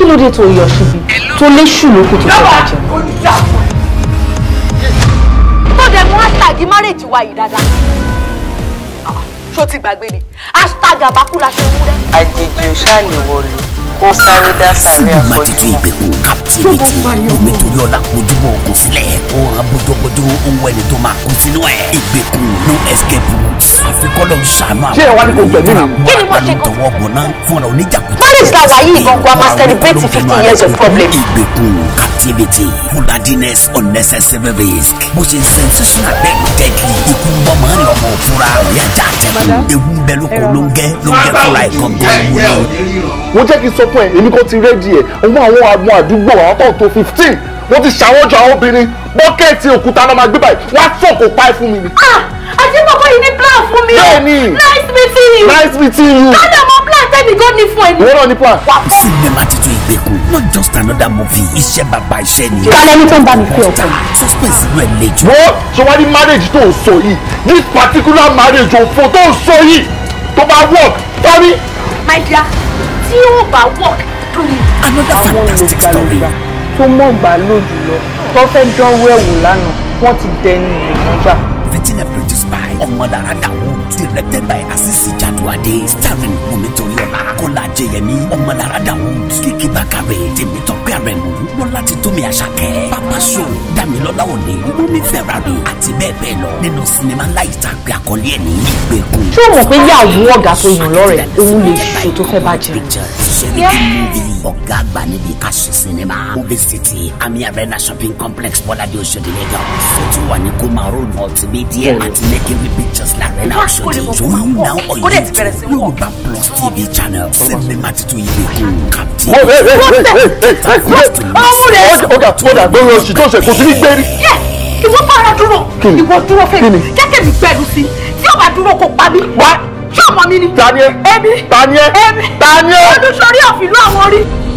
kí ló dé tó yọ síbi tó léṣù lókù tó fẹ́ bàjẹ́. tó dẹ̀ mú hashtag marriage wa yìí dáadáa ṣó ti gbàgbé ni hashtag àbákúra ṣe wú rẹ. àjèjì òṣàlè wọlé kó sáré dá sáré àfọyín. ṣùgbọ́n àtẹ̀jọ́ ìgbèkùn captivity omi torí ọ̀la kojúmọ́ kò sílẹ̀ òun abójókòjó owó ẹni tó máa kó sínú ẹ̀ ìgbèkùn no escape àfikọ́lọ́ ṣàánú àwọn olùdókòwò àgbàlódọ́wọ́ gbọ̀ná fúnra oníjàkú age la wà yìí a máa celebrate fifty years of problems. ìgbèkùn captivity mudadiness unnecessary risk bó ṣe ń sẹ́ńsì sùn ikú bọ́mọ ń lọ́mọ fúnra rẹ̀ ajá tẹ̀lé ewu ń bẹ lóko ló ń gẹ́ ló ń gẹ́ fúnra ẹ̀kọ́ gan-an wúlò. mo jẹ́ kí n sọ fún ẹ èmi kò ti rédíì ẹ̀ ọgbọ́n àwọn àgbọn àdúgbò àwọn tó tó fifteen wọ́n ti ṣàwọ́jọ àwọn obìnrin bọ́kẹ́ẹ̀tì òkúta náà máa gbé báyìí wọ́n á sọ̀kò pa ẹ̀ fún mi ni. Ah! àti bàbá yìí ní plan fún mi. bẹ́ẹ̀ nice meeting you. nice meeting you. kádà mi gan ni fún ẹ ní. wọ́n ní plan. sinimá titun ìgbèkùn not just another movie iṣẹ́ bàbá iṣẹ́ ni. kálẹ̀ ní tó ń bá mi pé ọkọ. suspense ìlú ẹ̀ le jù. wọ́n ṣe wá ní marriage tó ń sọ yìí this particular marriage òfò tó ń sọ yìí tó bá work tọ́rí. my dear tí yóò bá work tọ́rí. another fantastic story. tó mọ̀ gbà lójú lọ tó fẹ́ dánwó ẹ̀wò lánàá wọ́n ti dẹnu ìrìn náà gbà. virginia produced Ọmọlára Dawood directed by Asisi Jaduade starring Wùmítọ́lọ́lá Kọ́lá Jẹyẹmí Ọmọlára Dawood Kìkì Bàkàrẹ̀ Tèmítọ́pẹ́ Àrẹ̀mú Bọ́lá Títómi Àṣàkẹ́ Papa Show Dámilọ́lá Òní Wúmi Ferrari àti bẹ́ẹ̀ bẹ́ẹ̀ lọ nínú sinimá ńlá ìtàgbé àkọlé ẹ̀ ní ìgbèkùn. ṣé o mọ̀ pé yàwó ọ̀gá tó yàn lọ́rẹ̀ òun lè ṣe tó fẹ́ bàjẹ́. ọ̀gá àgbà níbi kásù sinimá movie city ami arena shopping complex bọ́ládé Òṣòdì Lagos ó tún wà ní kóma road multimedia àti making pictures larena Òṣòdì tó máa ń ná ọ̀yẹ́ tó Yorùbá Plus TV channel sinimá titun ìgbèkùn captain. ọmọ rẹ̀ ọ̀gá tó dà gbọ́dọ̀ ṣì tó ṣe kò sí ní gbérí. ìwọ bára dúró ìwọ dúró fèmí jẹ́kẹ̀ mi gbẹ̀rù sí tí ó bá dúró kó pa mí. wá ṣé ọmọ mi ni. tani ẹ tani ẹ tani ẹ. ọdún sọrí àfìlú àwọn orí.